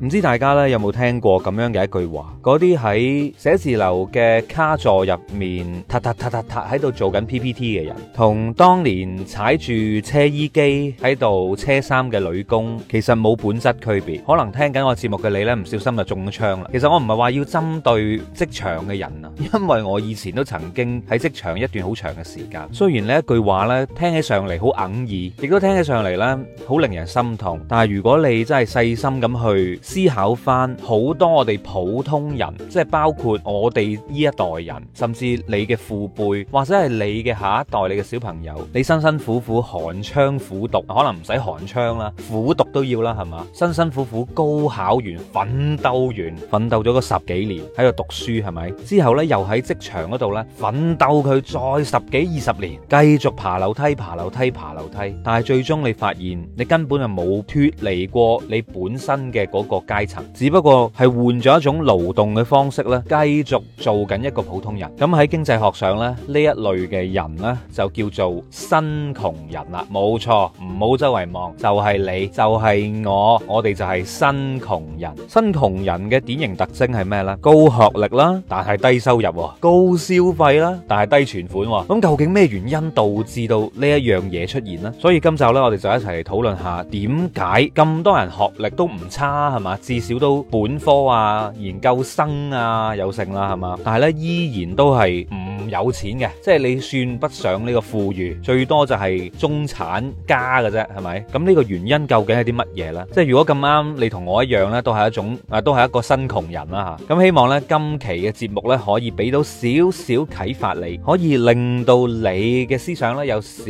唔知大家呢有冇聽過咁樣嘅一句話？嗰啲喺寫字樓嘅卡座入面，塔塔塔塔塔喺度做緊 PPT 嘅人，同當年踩住車衣機喺度車衫嘅女工，其實冇本質區別。可能聽緊我節目嘅你呢唔小心就中槍啦。其實我唔係話要針對職場嘅人啊，因為我以前都曾經喺職場一段好長嘅時間。雖然呢一句話呢聽起上嚟好哽耳，亦都聽起上嚟呢好令人心痛。但係如果你真係細心咁去，思考翻好多我哋普通人，即係包括我哋呢一代人，甚至你嘅父輩，或者係你嘅下一代，你嘅小朋友，你辛辛苦苦寒窗苦讀，可能唔使寒窗啦，苦讀都要啦，係嘛？辛辛苦苦高考完，奮鬥完，奮鬥咗個十幾年喺度讀書，係咪？之後呢，又喺職場嗰度呢，奮鬥，佢再十幾二十年，繼續爬樓梯，爬樓梯，爬樓梯，樓梯，但係最終你發現你根本就冇脫離過你本身嘅嗰個。個階層，只不過係換咗一種勞動嘅方式咧，繼續做緊一個普通人。咁喺經濟學上咧，呢一類嘅人咧就叫做新窮人啦，冇錯，唔好周圍望，就係你，就係我，我哋就係新窮人。新窮人嘅典型特徵係咩咧？高學歷啦，但係低收入；高消費啦，但係低存款。咁究竟咩原因導致到呢一樣嘢出現咧？所以今集咧，我哋就一齊討論下點解咁多人學歷都唔差。嘛，至少都本科啊、研究生啊有剩啦，係嘛？但係咧，依然都係唔有錢嘅，即係你算不上呢個富裕，最多就係中產家嘅啫，係咪？咁呢個原因究竟係啲乜嘢咧？即係如果咁啱，你同我一樣咧，都係一種啊，都係一個新窮人啦嚇。咁希望咧，今期嘅節目咧，可以俾到少少啟發你，可以令到你嘅思想咧有少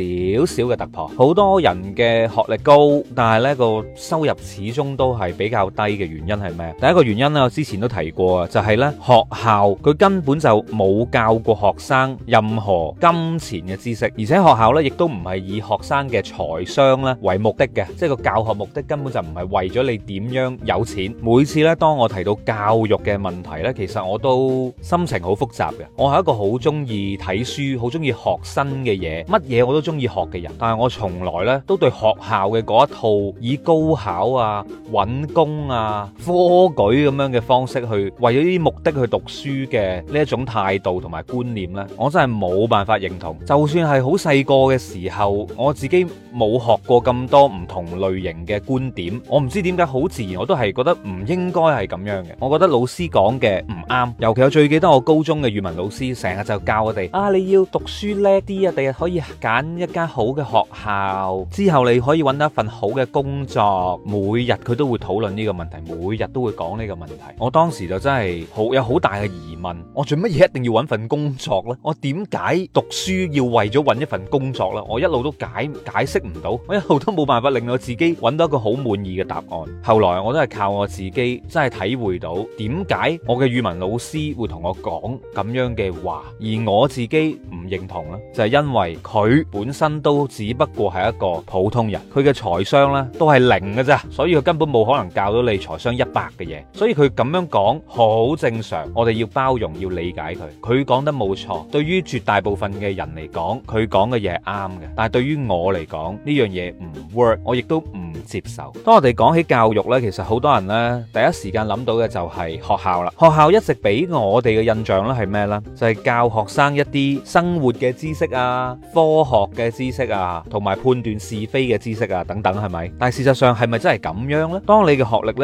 少嘅突破。好多人嘅學歷高，但係咧個收入始終都係比較低。嘅原因係咩？第一個原因咧，我之前都提過啊，就係呢學校佢根本就冇教過學生任何金錢嘅知識，而且學校呢亦都唔係以學生嘅財商呢為目的嘅，即係個教學目的根本就唔係為咗你點樣有錢。每次呢，當我提到教育嘅問題呢，其實我都心情好複雜嘅。我係一個好中意睇書、好中意學新嘅嘢，乜嘢我都中意學嘅人，但係我從來呢都對學校嘅嗰一套以高考啊、搵工啊，啊科舉咁樣嘅方式去為咗呢啲目的去讀書嘅呢一種態度同埋觀念咧，我真係冇辦法認同。就算係好細個嘅時候，我自己冇學過咁多唔同類型嘅觀點，我唔知點解好自然我都係覺得唔應該係咁樣嘅。我覺得老師講嘅唔啱，尤其我最記得我高中嘅語文老師成日就教我哋，啊，你要讀書叻啲啊，第日可以揀一間好嘅學校，之後你可以搵到一份好嘅工作。每日佢都會討論呢個問。每日都會講呢個問題，我當時就真係好有好大嘅疑問，我做乜嘢一定要揾份工作呢？我點解讀書要為咗揾一份工作呢？我一路都解解釋唔到，我一路都冇辦法令到自己揾到一個好滿意嘅答案。後來我都係靠我自己，真係體會到點解我嘅語文老師會同我講咁樣嘅話，而我自己唔認同呢就係因為佢本身都只不過係一個普通人，佢嘅財商呢都係零㗎咋，所以佢根本冇可能教到你。財商一百嘅嘢，所以佢咁樣講好正常，我哋要包容，要理解佢。佢講得冇錯，對於絕大部分嘅人嚟講，佢講嘅嘢係啱嘅。但係對於我嚟講，呢樣嘢唔 work，我亦都唔接受。當我哋講起教育呢，其實好多人呢，第一時間諗到嘅就係學校啦。學校一直俾我哋嘅印象呢係咩呢？就係教學生一啲生活嘅知識啊、科學嘅知識啊、同埋判斷是非嘅知識啊等等，係咪？但係事實上係咪真係咁樣呢？當你嘅學歷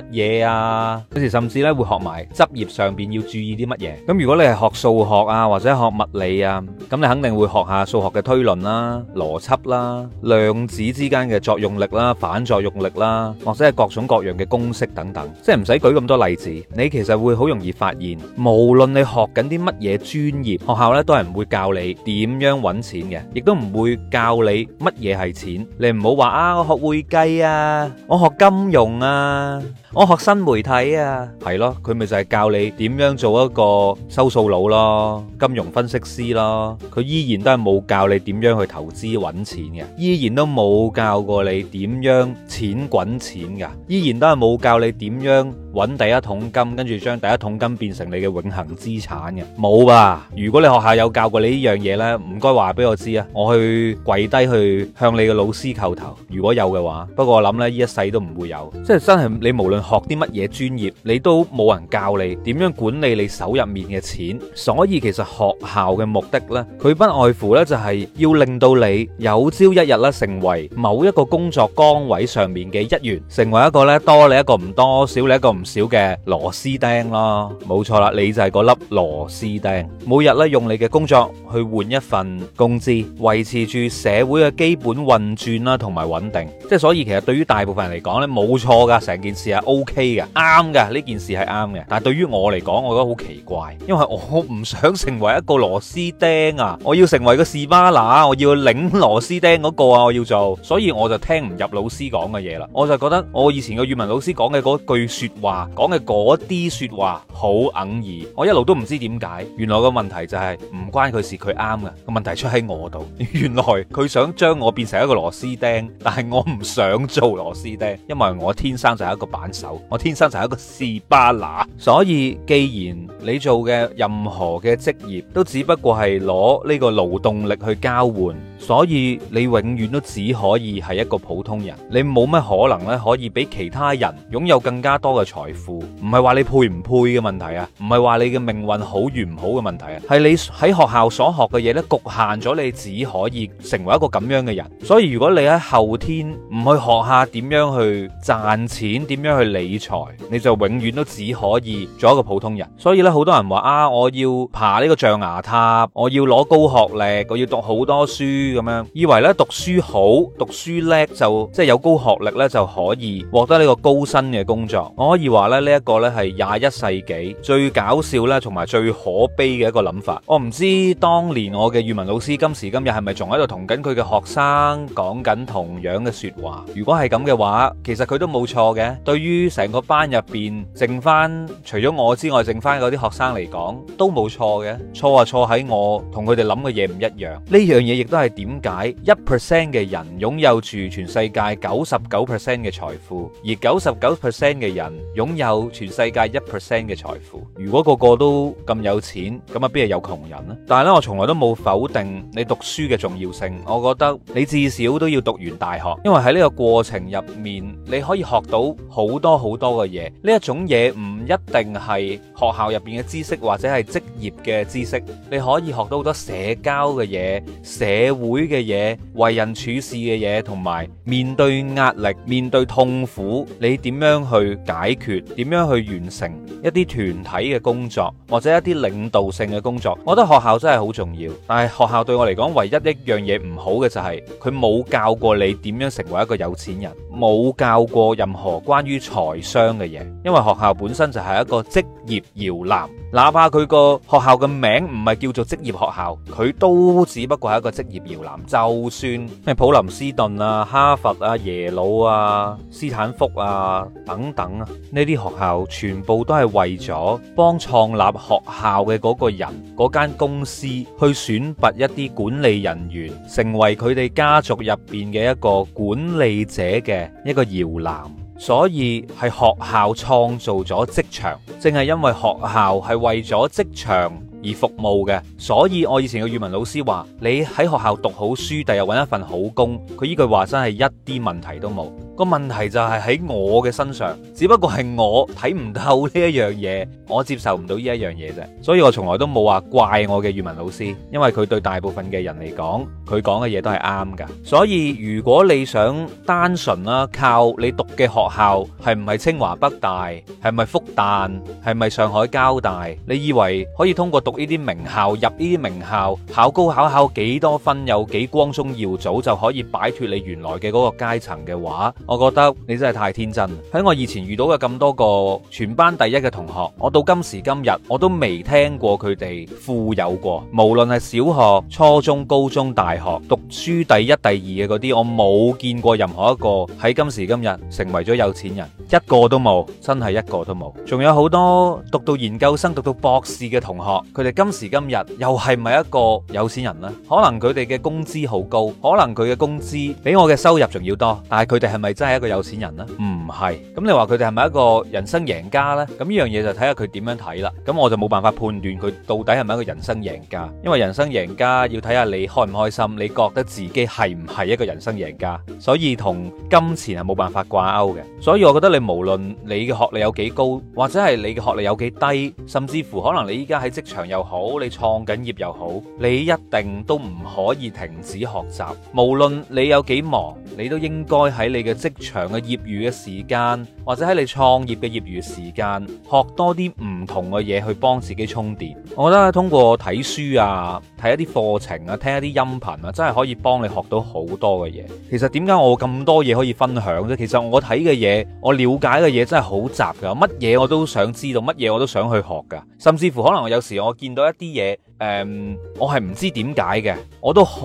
乜嘢啊？有時甚至咧會學埋執業上邊要注意啲乜嘢。咁如果你係學數學啊，或者學物理啊，咁你肯定會學下數學嘅推論啦、啊、邏輯啦、量子之間嘅作用力啦、啊、反作用力啦、啊，或者係各種各樣嘅公式等等。即係唔使舉咁多例子，你其實會好容易發現，無論你學緊啲乜嘢專業，學校呢都係唔會教你點樣揾錢嘅，亦都唔會教你乜嘢係錢。你唔好話啊，我學會計啊，我學金融啊。我學新媒體啊，係咯，佢咪就係教你點樣做一個收數佬咯，金融分析師咯，佢依然都係冇教你點樣去投資揾錢嘅，依然都冇教過你點樣錢滾錢噶，依然都係冇教你點樣。搵第一桶金，跟住將第一桶金變成你嘅永恆資產嘅，冇啊？如果你學校有教過你呢樣嘢咧，唔該話俾我知啊，我去跪低去向你嘅老師叩頭。如果有嘅話，不過我諗咧，呢一世都唔會有，即係真係你無論學啲乜嘢專業，你都冇人教你點樣管理你手入面嘅錢。所以其實學校嘅目的咧，佢不外乎咧就係要令到你有朝一日咧成為某一個工作崗位上面嘅一員，成為一個咧多你一個唔多少你一個，唔少嘅螺絲釘啦，冇錯啦，你就係嗰粒螺絲釘，每日咧用你嘅工作去換一份工資，維持住社會嘅基本運轉啦，同埋穩定。即係所以，其實對於大部分人嚟講咧，冇錯噶，成件事係 OK 嘅，啱嘅呢件事係啱嘅。但係對於我嚟講，我覺得好奇怪，因為我唔想成為一個螺絲釘啊，我要成為個士巴拿，我要擰螺絲釘嗰個啊，我要做，所以我就聽唔入老師講嘅嘢啦。我就覺得我以前嘅語文老師講嘅嗰句說話。話講嘅嗰啲說話好哽耳，我一路都唔知點解。原來個問題就係、是、唔關佢事，佢啱嘅，個問題出喺我度。原來佢想將我變成一個螺絲釘，但係我唔想做螺絲釘，因為我天生就係一個扳手，我天生就係一個士巴拿。所以既然你做嘅任何嘅職業都只不過係攞呢個勞動力去交換，所以你永遠都只可以係一個普通人，你冇乜可能咧可以比其他人擁有更加多嘅財富，唔係話你配唔配嘅問題啊，唔係話你嘅命運好與唔好嘅問題啊，係你喺學校所學嘅嘢咧局限咗你只可以成為一個咁樣嘅人。所以如果你喺後天唔去學下點樣去賺錢，點樣去理財，你就永遠都只可以做一個普通人。所以咧，好多人話啊，我要爬呢個象牙塔，我要攞高學歷，我要讀好多書。咁樣，以為咧讀書好、讀書叻就即係、就是、有高學歷咧就可以獲得呢個高薪嘅工作。我可以話咧呢一、這個咧係廿一世紀最搞笑咧同埋最可悲嘅一個諗法。我唔知當年我嘅語文老師今時今日係咪仲喺度同緊佢嘅學生講緊同樣嘅說話？如果係咁嘅話，其實佢都冇錯嘅。對於成個班入邊剩翻除咗我之外剩翻嗰啲學生嚟講，都冇錯嘅。錯就、啊、錯喺我同佢哋諗嘅嘢唔一樣。呢樣嘢亦都係。點解一 percent 嘅人擁有住全世界九十九 percent 嘅財富，而九十九 percent 嘅人擁有全世界一 percent 嘅財富？如果個個都咁有錢，咁啊邊係有窮人呢？但係咧，我從來都冇否定你讀書嘅重要性。我覺得你至少都要讀完大學，因為喺呢個過程入面，你可以學到好多好多嘅嘢。呢一種嘢唔。一定係學校入邊嘅知識，或者係職業嘅知識，你可以學到好多社交嘅嘢、社會嘅嘢、為人處事嘅嘢，同埋面對壓力、面對痛苦，你點樣去解決、點樣去完成一啲團體嘅工作，或者一啲領導性嘅工作。我覺得學校真係好重要，但係學校對我嚟講，唯一一樣嘢唔好嘅就係，佢冇教過你點樣成為一個有錢人。冇教過任何關於財商嘅嘢，因為學校本身就係一個職業搖籃，哪怕佢個學校嘅名唔係叫做職業學校，佢都只不過係一個職業搖籃，就算咩普林斯頓啊、哈佛啊、耶魯啊、斯坦福啊等等啊，呢啲學校全部都係為咗幫創立學校嘅嗰個人、嗰間公司去選拔一啲管理人員，成為佢哋家族入邊嘅一個管理者嘅。一個搖籃，所以係學校創造咗職場，正係因為學校係為咗職場，而服務嘅，所以我以前嘅語文老師話：你喺學校讀好書，第日揾一份好工。佢呢句話真係一啲問題都冇。個問題就係喺我嘅身上，只不過係我睇唔透呢一樣嘢，我接受唔到呢一樣嘢啫。所以我從來都冇話怪我嘅語文老師，因為佢對大部分嘅人嚟講，佢講嘅嘢都係啱㗎。所以如果你想單純啦，靠你讀嘅學校係唔係清華、北大，係咪復旦，係咪上海交大，你以為可以通過讀讀呢啲名校、入呢啲名校，考高考、考幾多分，有幾光宗耀祖，就可以擺脫你原來嘅嗰個階層嘅話，我覺得你真係太天真。喺 我以前遇到嘅咁多個全班第一嘅同學，我到今時今日我都未聽過佢哋富有過。無論係小學、初中、高中、大學讀書第一、第二嘅嗰啲，我冇見過任何一個喺今時今日成為咗有錢人，一個都冇，真係一個都冇。仲有好多讀到研究生、讀到博士嘅同學。佢哋今時今日又係咪一個有錢人呢？可能佢哋嘅工資好高，可能佢嘅工資比我嘅收入仲要多，但係佢哋係咪真係一個有錢人呢？唔係。咁你話佢哋係咪一個人生贏家呢？咁呢樣嘢就睇下佢點樣睇啦。咁我就冇辦法判斷佢到底係咪一個人生贏家，因為人生贏家要睇下你開唔開心，你覺得自己係唔係一個人生贏家？所以同金錢係冇辦法掛鈎嘅。所以我覺得你無論你嘅學歷有幾高，或者係你嘅學歷有幾低，甚至乎可能你依家喺職場。又好，你創緊業又好，你一定都唔可以停止學習。無論你有幾忙，你都應該喺你嘅職場嘅業餘嘅時間。或者喺你創業嘅業餘時間，學多啲唔同嘅嘢去幫自己充電。我覺得通過睇書啊、睇一啲課程啊、聽一啲音頻啊，真係可以幫你學到好多嘅嘢。其實點解我咁多嘢可以分享啫？其實我睇嘅嘢，我了解嘅嘢真係好雜㗎。乜嘢我都想知道，乜嘢我都想去學㗎。甚至乎可能我有時我見到一啲嘢。誒，um, 我係唔知點解嘅，我都好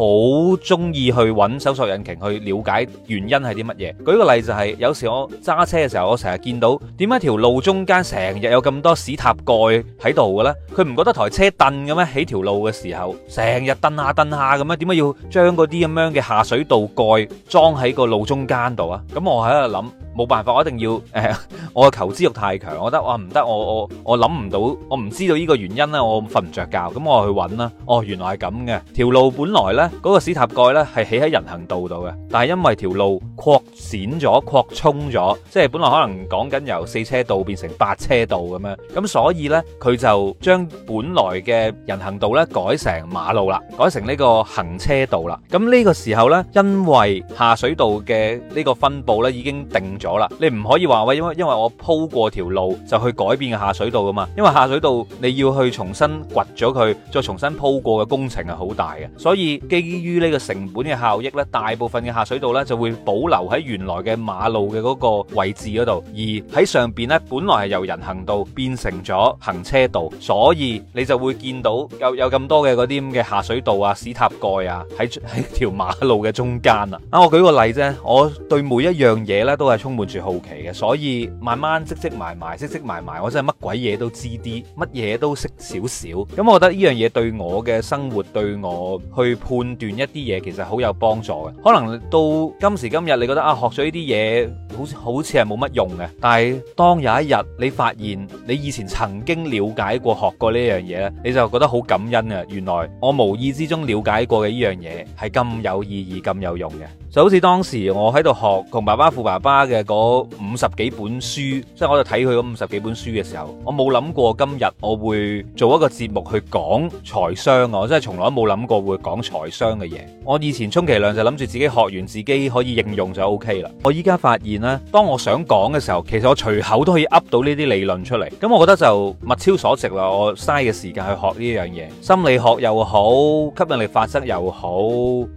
中意去揾搜索引擎去了解原因係啲乜嘢。舉個例子就係、是，有時我揸車嘅時候，我成日見到點解條路中間成日有咁多屎塔蓋喺度嘅咧？佢唔覺得台車凳嘅咩？起條路嘅時候，成日蹬下蹬下咁樣？點解要將嗰啲咁樣嘅下水道蓋裝喺個路中間度啊？咁我喺度諗。冇辦法，我一定要誒、呃，我嘅求知欲太強，我覺得我唔得，我我我諗唔到，我唔知道呢個原因咧，我瞓唔着覺，咁我去揾啦。哦，原來係咁嘅，條路本來呢嗰、嗰個屎塔蓋呢係起喺人行道度嘅，但係因為條路擴展咗、擴充咗，即係本來可能講緊由四車道變成八車道咁樣，咁所以呢，佢就將本來嘅人行道呢改成馬路啦，改成呢個行車道啦。咁呢個時候呢，因為下水道嘅呢個分佈呢已經定咗啦，你唔可以話喂，因為因為我鋪過條路就去改變下水道噶嘛，因為下水道你要去重新掘咗佢，再重新鋪過嘅工程係好大嘅，所以基於呢個成本嘅效益咧，大部分嘅下水道咧就會保留喺原來嘅馬路嘅嗰個位置嗰度，而喺上邊呢，本來係由人行道變成咗行車道，所以你就會見到有有咁多嘅嗰啲咁嘅下水道啊、屎塔蓋啊喺喺條馬路嘅中間啊。啊，我舉個例啫，我對每一樣嘢呢都係充。滿住好奇嘅，所以慢慢積積埋埋，積積埋埋，我真係乜鬼嘢都知啲，乜嘢都識少少。咁我覺得呢樣嘢對我嘅生活，對我去判斷一啲嘢，其實好有幫助嘅。可能到今時今日，你覺得啊，學咗呢啲嘢，好似好似係冇乜用嘅。但係當有一日你發現你以前曾經了解過、學過呢樣嘢咧，你就覺得好感恩啊！原來我無意之中了解過嘅呢樣嘢係咁有意義、咁有用嘅。就好似當時我喺度學《窮爸爸富爸爸》嘅嗰五十幾本書，即係我就睇佢嗰五十幾本書嘅時候，我冇諗過今日我會做一個節目去講財商啊！我真係從來都冇諗過會講財商嘅嘢。我以前充其量就諗住自己學完自己可以應用就 OK 啦。我依家發現呢，當我想講嘅時候，其實我隨口都可以噏到呢啲理論出嚟。咁我覺得就物超所值啦！我嘥嘅時間去學呢樣嘢，心理學又好，吸引力法則又好，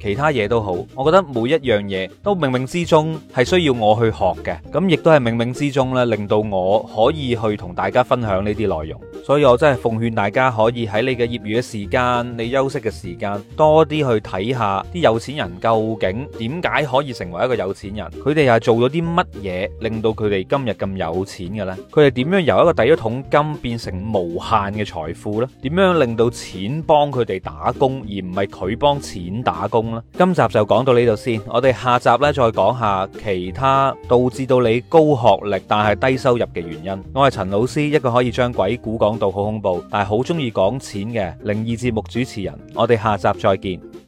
其他嘢都好。我覺得每一。樣嘢都冥冥之中係需要我去學嘅，咁亦都係冥冥之中咧令到我可以去同大家分享呢啲內容。所以我真係奉勸大家可以喺你嘅業餘嘅時間，你休息嘅時間多啲去睇下啲有錢人究竟點解可以成為一個有錢人，佢哋又係做咗啲乜嘢令到佢哋今日咁有錢嘅呢？佢哋點樣由一個第一桶金變成無限嘅財富呢？點樣令到錢幫佢哋打工而唔係佢幫錢打工呢？今集就講到呢度先。我哋下集咧再講下其他導致到你高學歷但係低收入嘅原因。我係陳老師，一個可以將鬼故講到好恐怖，但係好中意講錢嘅靈異節目主持人。我哋下集再見。